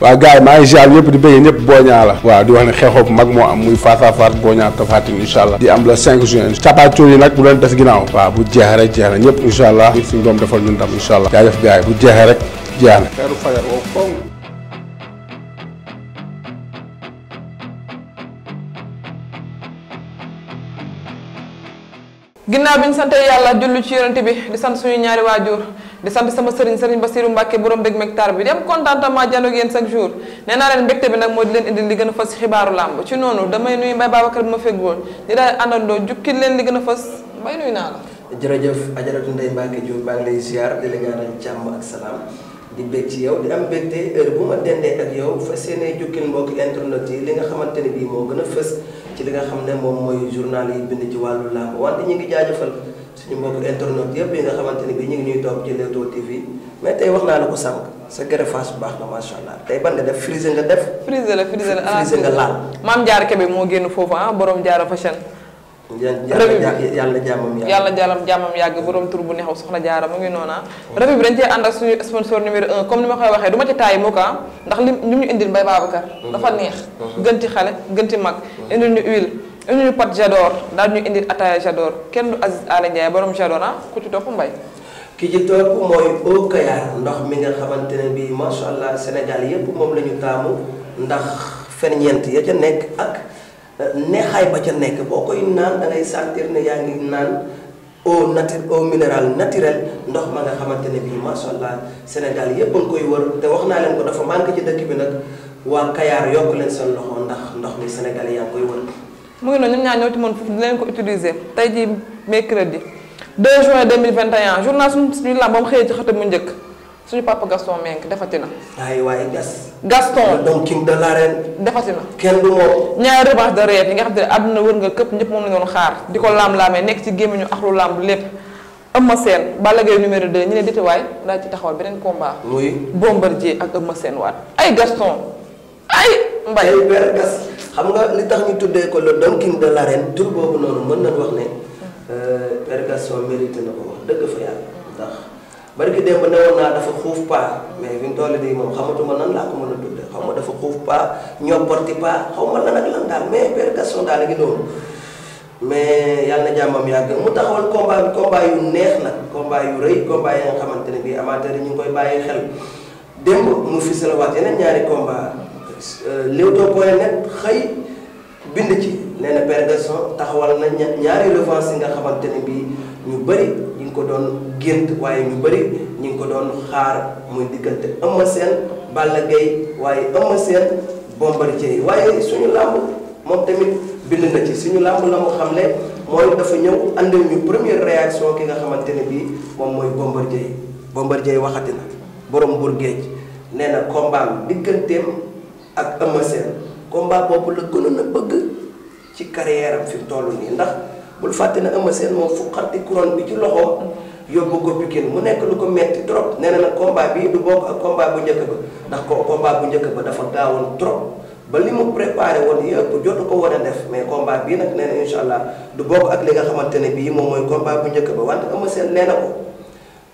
waaw gars yi maa ngi ziar ñëpp di bëggee ñëpp Boña la waaw di wax ne xeexoo bu mag moo am muy face à face Boña Tapha Tine incha allah di am le 5 juin capacol yi nag bu leen des ginnaaw waaw bu jeexee rek jeex na ñëpp incha allah ñu suñu doom defal ñun ndam incha allah bu jeexee rek jeex na xeeru fajar woo koŋ ginnaaw bi ñu sante yàlla jullu ci ñaari waajur di sant sama sëriñ sëriñ Basiru Mbàkke borom dëgg mectar bi di am contentement janoog yéen jour nee leen mbégte bi nag moo di leen indil li gën a fës xibaaru làmb ci noonu damay nuyu Mbay Babacar bi ma fekk woon di daal àndandoo leen li gën a fës mbay nuyu naa la jërëjëf ajaratu Ndey Mbàkke Diouf baa ngi lay ziar di la ñaanal jàmm ak salaam di bég ci yow di am bégte heure bu ma dendee ak yow fas yéene jukkil mbokk internet yi li nga xamante ne bii moo gën a fës ci li nga xam ne moom mooy journal yi bind ci wàllu làmb wante ñu ngi jaajëfal suñu mbokk internet yëpp yi nga xamante ni bi ñu ñuy toog ci Leewtoo TV mais tey wax naa la ko sànq sa greffage bu baax na macha allah tey nga def frisé nga def. frisé la frisé la ah, frisé nga laal. maam Diarra Kébé moo génn foofu ah borom Diarra Fashion. yàlla jaamam yàgg yàlla jaamam yàgg borom tur bu neexaw soxna jaara mu ngi noona ah. revue bi dañ cee ànd suñu sponsor numéro comme ni ma koy waxee du ma ci taay mu ko ah. ndax li ñu indil Mbaye Babacar mm-hmm. dañu ñu pat Jador daal ñu indi ataaya Jador kenn du Aziz Aly boroom borom Jador ah ku ci topp mbay ki ci topp mooy Eau Kayar ndox mi nga xamante ne bii macha allah Sénégal yépp moom la ñu taamu ndax ferñeent ya ca nekk ak euh, neexaay ba ca nekk boo koy naan da ngay sentir ne yaa ngi naan eau nature eau ndox ma nga xamante ne bii macha allah Sénégal yépp a koy wër te wax naa leen ko dafa manqué ci dëkk bi nag waa Kayar yokk leen seen loxo ndax ndox mi Sénégal yaa ngi koy wër. mu ngi noonu ñun ñaa ñoo ci mën foofu dinañ ko utiliser tey jii mercredi 2 juin 2021 journal suñu suñu làmb ba mu xëyee ci xët mu njëkk suñu papa Gaston Mbengue defati na. waaye gas. Gaston donc king de l'arène. defati na kenn du moom. ñaari revanche de reet yi nga xam te ne àdduna wër nga këpp ñëpp moom la ñu doon xaar di ko laam-laamee nekk ci gémmiñu axlu làmb lépp. Eumeu Sène Balla Gaye numéro 2 ñu ne dite waay daa ci taxaw beneen combat. muy Bombardier ak Eumeu Sène waat ay Gaston mbay day père gas xam nga li tax ñu tuddee ko le Don de l'arène tur boobu noonu mën nañ wax ne père euh, Gaston mérité na ko wax dëgg fa yàlla ndax barki démb ne woon naa dafa xuuf paa bi mu toll nii moom xamatuma a tuddee ma dafa xuuf paa ñopporti paa xaw ma lan ak lan daal mais père Gaston daal a ngi noonu mais yàlla na jàmmam yàgg mu taxawal combat bi combat yu neex nag combat yu rëy combat yi nga xamante ne bii amateurs yi ñu ngi koy bàyyi yeneen ñaari combat Euh, Leewtoo point net xëy bind ci nee na Père Gaston taxawal na ñaari revanche yi nga xamante ne bii ñu bëri ñu ngi ko doon gént waaye ñu bëri ñu ngi ko doon xaar muy diggante Eumeu Sène Balla Gaye waaye seen Eumeu Sène Bombardier waaye suñu làmb moom tamit bind na ci suñu làmb la mu xam ne mooy dafa ñëw àndal ñu première réaction ki nga xamante ne bii moom mooy Bombardier Bombardier waxati na borom Bourg-Géej nee na digganteem. ak Eumeu komba combat boobu la gënoon bëgg ci carrière am fi mu nii ndax bul fàtte ne Eumeu Sène moom fu xarti bi ci loxo yóbbu ko Pikine mu nekk lu ko metti trop nee na nag combat bii du bokk ak combat bu njëkk ba ndax ko combat bu njëkk ba dafa gaawoon trop ba li mu préparé woon yëpp jotu ko war a def mais combat bii na incha allah du bokk ak li nga xamante ne bii moom mooy combat bu njëkk ba wante Eumeu Sène nee na ko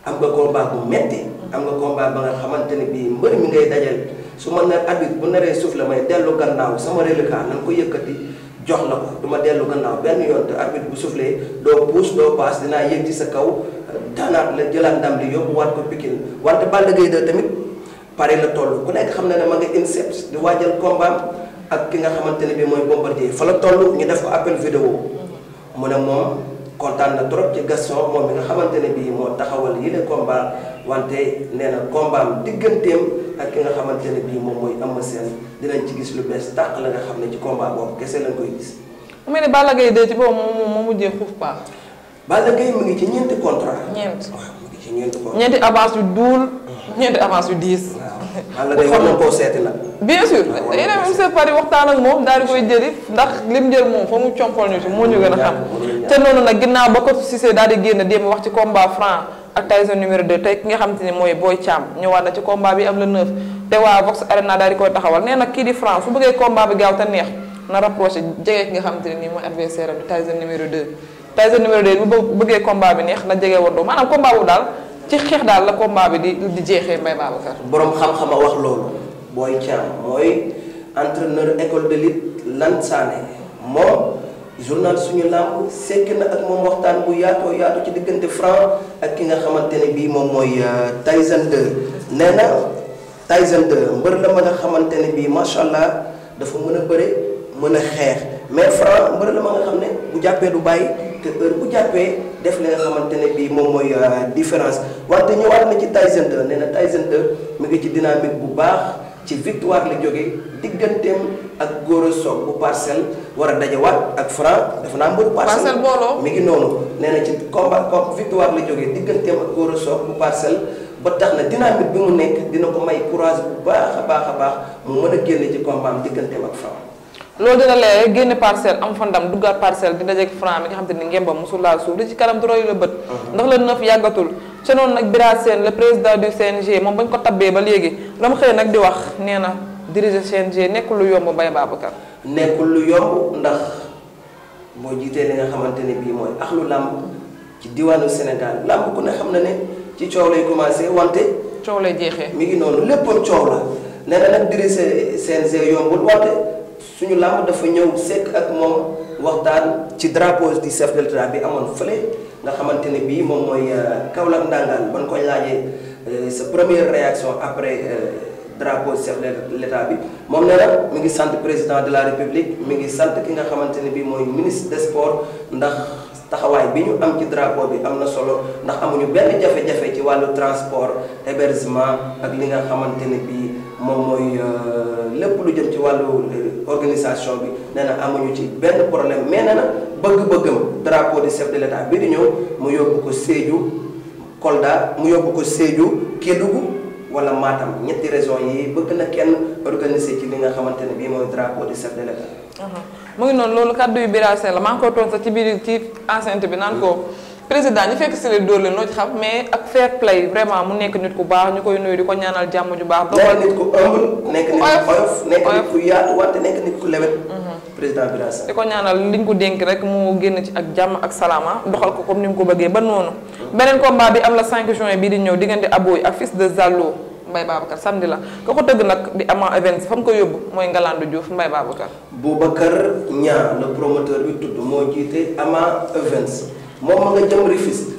am nga combat bu metti am nga combat ba nga xamante ne bii mbër mi ngay dajal su ma ne arbitre bu naree suuf la may dellu gannaaw sama reliquat na nga ko yëkkati jox la ko du ma dellu gannaaw benn yoon te bu suuflee doo puus doo paas dinaa yëg ci sa kaw daanaat la jëlaat ndam li yóbbuwaat ko Pikine wante Balla Gaye 2 tamit pare la toll ku nekk xam na ne ma nga INSEP di waajal combat ak ki nga xamante ne bii mooy bombardier fa la toll ñu def ko appel vidéo mu ne moom. kontaan na trop ci Gaston moom mi nga xamante ne bii moo taxawal yile combat wante nee na combat digganteem ak ki nga xamante ne bii moom mooy Eumeu Sène dinañ ci gis lu bees tàq la nga xam ne ci combat boobu kese lañ koy gis. mu mel ni Balla Gaye de ci boobu moom mujjee xuuf paax. Balla Gaye mu ngi ci ñeenti contrat. ñeent waaw mu ngi ci ñeenti contrat. ñeenti avance yu duul. ñeenti avance yu diis. wala day la bien sûr dañuy dem monsieur Paris waxtaan ak moom daal di koy jëli ndax lim jël moom fa mu compal ñu ci moo ñu gën a xam te noonu nag ginnaaw ba ko Cissé daal di génn démb wax ci combat franc ak Tyson numéro 2 ki nga xam te ne mooy Boy Thiam ñëwaat na ci am la waa Vox Arena daal di koy taxawal nee na kii di franc su bëggee combat bi gaaw te neex na rapproché jege ki nga xam te ne nii mooy adversaire am di Tyson numéro 2 Tyson numéro 2 bu bëggee combat bi neex na jege woon doo maanaam combat daal ci xeex daal la combat bi di di jeexee a Babacar. borom xam-xama wax loolu booy Thiam mooy entraîneur école de lutte Lane Sané moom journal suñu làmb sekk na ak moom waxtaan bu yaatoo yaatu ci diggante Franc ak ki nga xamante ne bii moom mooy euh, Tyson 2 nee na Tyson 2 mbër la mën a xamante ne bii macha allah dafa mën a bëre mën a xeex mais Franc mbër la ma nga xam ne bu jàppee du bàyyi. te bu jàppee def li nga xamante ne bii moom mooy euh, différence wante ñëwaat na ci Tyson 2 nee na Tyson mu ngi ci dynamique bu baax ci victoire la jóge digganteem ak Gora Sock bu parcelle war a dajawaat ak Franc dafa naa mbër parcelle mi ngi noonu nee ci combat comme victoire la jógee digganteem ak Gora Sock bu parcelle ba tax na dynamique bi mu nekk dina ko may courage bu baax a baax a baax mu mën a génn ci combat am digganteem ak Franc loolu dina leer génn parcelle am fa ndam duggaat parcelle di dajeeg franc mi nga xam te ni ngembam musul laal suuf li ci kanam royu la bët mhm. ndax la neuf yàggatul ca nag Bira Sène le président du CNG moom bañ ko tabbee ba léegi la mu xëy nag di wax nee na diriger CNG nekkul lu yomb Mbaye Babacar nekkul lu yomb ndax moo jiitee li nga xamante ne bii mooy lu làmb ci diwaanu Sénégal làmb ku ne xam na ne ci coow lay commencé wante coow lay jeexee mi ngi noonu léppoon coow la nee na nag diriger CNG suñu làmb dafa ñëw sekk ak moom waxtaan ci drapeau du chef de bi amoon fële nga xamante ne bii moom mooy euh, Kaolack Ndangaan ban koy laajee euh, sa première réaction après euh, drapeau chef de bi moom nee na mu ngi sant président de la république mi ngi sant ki nga xamante ne bii mooy ministre des sports ndax. taxawaay bi ñu am ci drapeau bi am na solo ndax amuñu benn jafe-jafe ci wàllu transport hébergement ak li nga xamante ne bii moom mooy euh, lépp lu jëm ci wàllu euh, organisation bi nee na amuñu ci benn problème mais nee na bëgg-bëggam drapo du chef de l'État bi di ñëw mu yóbbu ko Sédhiou Kolda mu yóbbu ko Sédhiou Kédougou wala Matam ñetti régions yi bëgg na kenn organiser ci li nga xamante ne bii mooy drapeau du chef de l'État uh-huh. mu ngi noonu loolu kàddu yu Bira la maa ngi ko toon sax ci biir ci enceinte bi naan koo président ñi fekk si leen dóor leen loo ci xam mais ak fair play vraiment mu nekk nit ku baax ñu koy nuyu di ko ñaanal jàmm ju baax. doxal nekk nit ku ëmb nekk nit ku lewet. président Bira Sène ko ñaanal liñ ko dénk rek mu génn ci ak jàmm ak salaama ah. doxal ko comme ni mu ko bëggee ba noonu. Mhm. beneen combat bi am la 5 juin bii di ñëw diggante Aboy ak fils de Zallo. Mbaye Babacar samedi la ka ko tëgg nag di Ama Events fa mu ko yóbbu mooy Ngalandou Diouf Mbaye Babacar. Boubacar Niang le promoteur bi tudd moo jiite Ama Events moom ma nga jëm Rufisque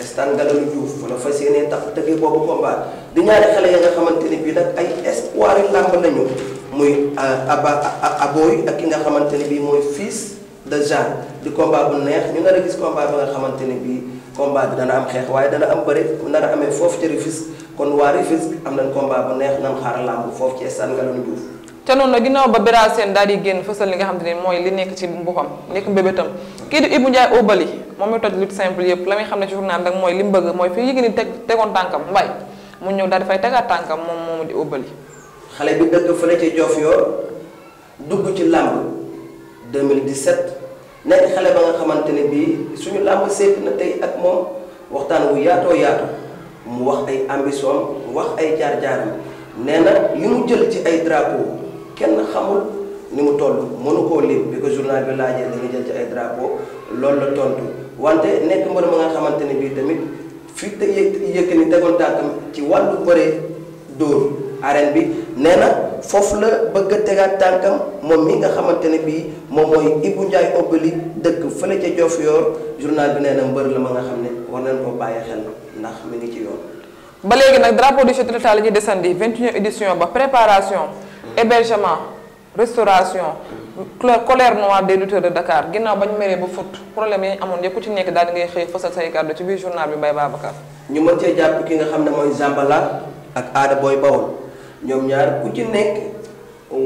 stade Ngalandou Diouf fa la fas yéenee tax tëggee boobu combat di ñaari xale yi nga xamante ni bii nag ay espoir yu làmb lañu muy euh, aba abooy ak ki nga xamante ne bii mooy fiis de Jean di combat bu neex ñu nar a gis combat ba nga xamante ne bii. combat bi dana am xeex waaye dana am bëre dana amee foofu ca Rufisque kon waa Rufisque am nañ combat bu neex nan xaar làmb foofu ci stade Ngalandou Diouf te noonu nag ginnaaw ba Bira Sène daal di génn fësal li nga xam te ne mooy li nekk ci mbuxam nekk mbébétam kii di Ibou Ndiaye Obali moom mi toj lutte simple yëpp la muy xam ne ci journal nag mooy li mu bëgg mooy fi yéegi ni teg tegoon tànkam mbay mu ñëw daal di fay tegaat tànkam moom moomu di Obali xale bi dëkk fële ci Diofior dugg ci làmb 2017 nekk xale ba nga xamante ne bii suñu làmp seet na tey ak moom waxtaan wu yaatoo yaatu mu wax ay ambition wax ay jaar-jaaram nee na li mu jël ci ay drapo kenn xamul ni mu toll mënu koo lim bi ko journal bi laajee li nga jël ci ay drapo loolu la tontu wante nekk mbër ma nga xamante ne bii tamit fi te yëkk ni tegoon tànkam ci wàllu bëre dóor arène bi nee na foofu la bëgg a tegaat tànkam moom mi nga xamante ne bii moom mooy Ibou Ndiaye Obali dëkk fële ca Diofior journal bi nee na mbër la ma nga xam ne war nañ ko bàyyi xel ndax mi ngi ci yoon. ba léegi nag drapeau du chef de l'État la ñuy desandi vingt e édition ba préparation. hébergement restauration. colère noire des lutteurs de Dakar ginnaaw bañ meree ba fut problème yi amoon yëpp ku ci nekk daal di ngay xëy fësal say kàddu ci biir journal bi Mbaye Babacar. ñu mën cee jàpp ki nga xam ne mooy Zambala ak Aada Boy ñoom ñaar ku jën nekk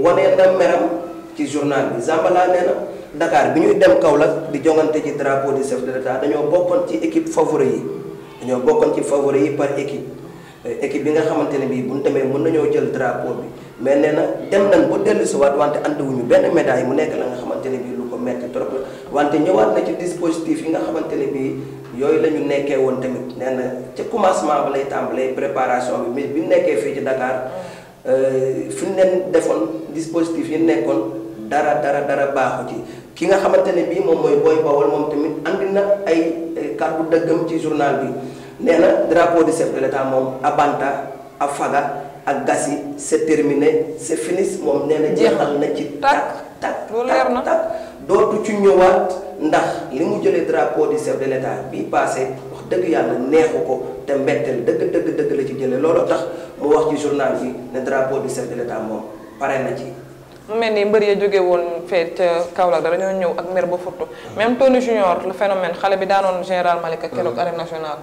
wanee na meram ci journal bi Zambala nee na Dakar bi ñuy dem Kaolack di jongante ci drapeau du chef de l'État dañoo bokkoon ci équipe favori yi dañoo bokkoon ci favori yi par équipe euh, équipe bi nga xamante ne bii bu ñu demee mën nañoo jël drapeau bi mais nee na dem nañ ba dellu waat wante andiwuñu benn médaille mu nekk la nga xamante ne bii lu ko metti trop wante ñëwaat na ci dispositif yi nga xamante ne bii yooyu la ñu nekkee woon tamit nee na ca commencement ba lay tàmbalee préparation bi mais nekkee fii ci Dakar. Euh, fi ñu leen defoon dispositif yi nekkoon dara dara dara baaxu ci ki nga xamante ne bii moom mooy booy Bawol moom tamit andi na ay kàddu dëggam ci journal bi nee na drapeau du chef de l'État moom abanta a faga ak gasi yi c'est terminé c'est moom nee na jeexal na ci takk takk takk takk dootu ci ñëwaat ndax li mu jëlee drapeau de l'État bii passé dëgg yàlla neexu ko te mbetteel dëgg dëgg dëgg la ci jële looloo tax mu wax ci journal bi ne drapeau du chef de l'État na ci. mu mel ni mbër ya jóge woon fee ca Kaolack da dañoo ñëw ak mer ba fottu même Tony Junior xale bi daanoon général Malika keroog mm-hmm. arène nationale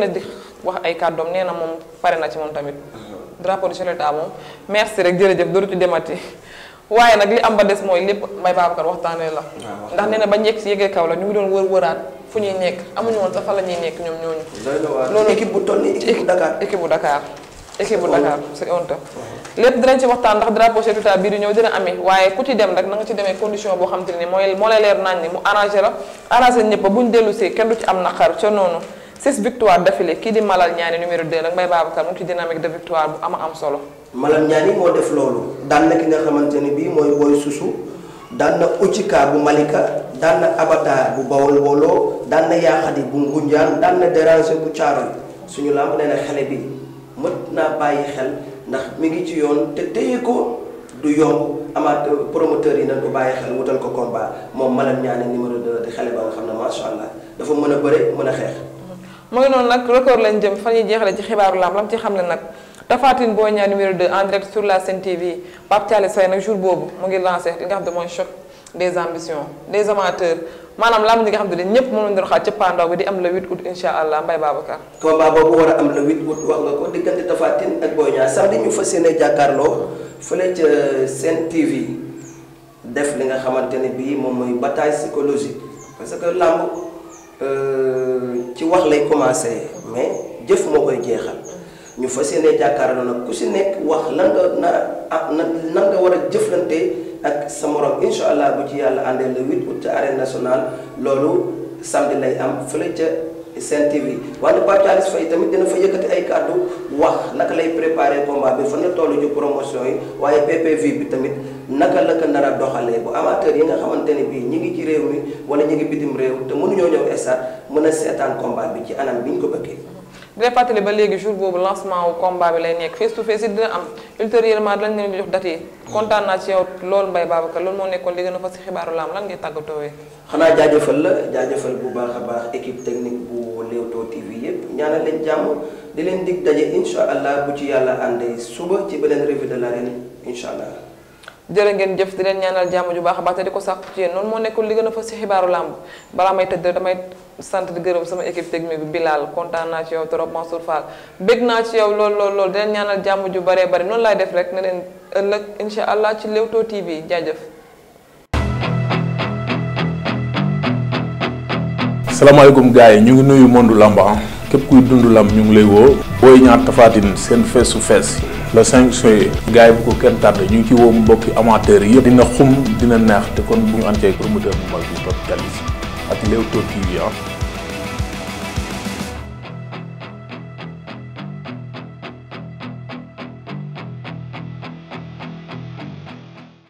na di wax ay kàddoom nee na moom pare na ci moom tamit mm-hmm. drapeau du chef de l'État moom merci rek jërëjëf dootu ci demati waaye nag li am ba des mooy lépp may Babacar waxtaanee la ah, ndax nee na ba njëkk si yëgee Kaolack ñu ngi doon wër wëraat fu ñuy nekk amuñu woon sax fa la ñuy nekk ñoom ñooñu. loolu équipe bu toll nii équipe bu Dakar équipe bu Dakar. équipe bu oh. uh-huh. lépp dinañ ci waxtaan ndax drapeau chef d'État bii di ñëw dina ame waaye ku ci dem rek na nga ci demee condition boo xam te mooy moo lay leer naañ ni mu arrangé la arrangé ñëpp ba buñ dellu see kenn du ci am naqar ca noonu six victoire d'affilée kii di Malal Niani numéro 2 nag Mbaye Babacar mu ngi ci dynamique de victoire bu ama am solo Malal Niani moo def loolu daan na ki nga xamante ne bii mooy woy susu daan na Uchika bu Malika daal na abata bu bawol booloo daan na yaaxadi bu ngunjaan daal na déranger bu caaroy suñu làmb nee na xale bi mët naa bàyyi xel ndax mi ngi ci yoon te téye ko du yomb amaat promoteur yi nañ ko bàyyi xel wutal ko combat moom malam ñaane numéro 2 di xale ba xam ne macha allah dafa mën a bëre mën a xeex. mooy noonu nag record lañ jëm fan ñuy jeexale ci xibaaru làmb lam ci xam ne nag Tapha Tine Boy Niang numéro 2 en direct sur la Sen TV Pape Thialé Seye nag boobu mu ngi lancé li nga xam des ambitions des amateurs maanaam lamb ñi nga xam ne ñëpp moom lañ doon xaar cëppaandaw bi di am le 8 août incha allah Mbaye Babacar. combat boobu war a am le 8 août wax nga ko diggante Tapha Tine ak Boy Niang sax ñu fa yéene jàkkaarloo fële ca Sen TV def li nga xamante ne bii moom mooy bataille psychologique parce que lamb euh, ci wax lay commencé mais jëf moo koy jeexal ñu fas yéene jàkkaarloo nag ku si nekk wax lan nga na ah nan nga war a jëflante. ak sa morom incha allah bu ci yàlla àndee le 8 août ca arène nationale loolu samedi lay am fële ca Sen TV wante Pape Thialis Faye tamit dina fa yëkkati ay kàddu wax naka lay préparé combat bi fan la toll ci promotion yi waaye PPV bi tamit naka la ko nara a doxalee bu amateur yi nga xamante ne bii ñi ngi ci réew mi wala ñi ngi bitim réew te mënuñoo ñëw stade mën a seetaan combat bi ci anam bi ñu ko bëggee. bu dee ba léegi jour boobu lancement wu combat bi lay nekk face to face it dina am ultérieurement dinañ leen di jox date yi kontaan naa ci yow loolu Mbaye Babacar loolu moo nekkoon li gën a fas ci xibaaru laam lan ngay tàggatoowee xanaa jaajafal la jaajëfal bu baax a baax équipe technique bu Leewtoo TV yëpp ñaanal leen jàmm di leen dig daje incha allah bu ci yàlla àndee suba ci beneen revue de l'arène incha allah jërë ngeen jëf di leen ñaanal jàmm ju baax a baax te di ko sàq ci yéen noonu moo nekkoon li gën a fas ci xibaaru làmb balaa may tëdd damay sant di gërëm sama équipe technique bi laal kontaan naa ci yow trop Mansour Fall naa ci yow lool lool lool di leen ñaanal jàmm ju baree bari noonu laay def rek ne leen ëllëg incha allah ci Leewtoo TV jaajëf. salaamaaleykum gars yi ñu nuyu monde làmb ah képp kuy dund ñu ngi lay woo. booy ñaar tafaatin seen fees su fees. le 5 juillet gars yi bu ko kenn tardé ñu ngi ci woo mbokki amateurs yëpp dina xum dina neex te kon bu ñu ànd ceeg promoteur bu mag bi Pape Kalisi ak Leewtoo TV ah.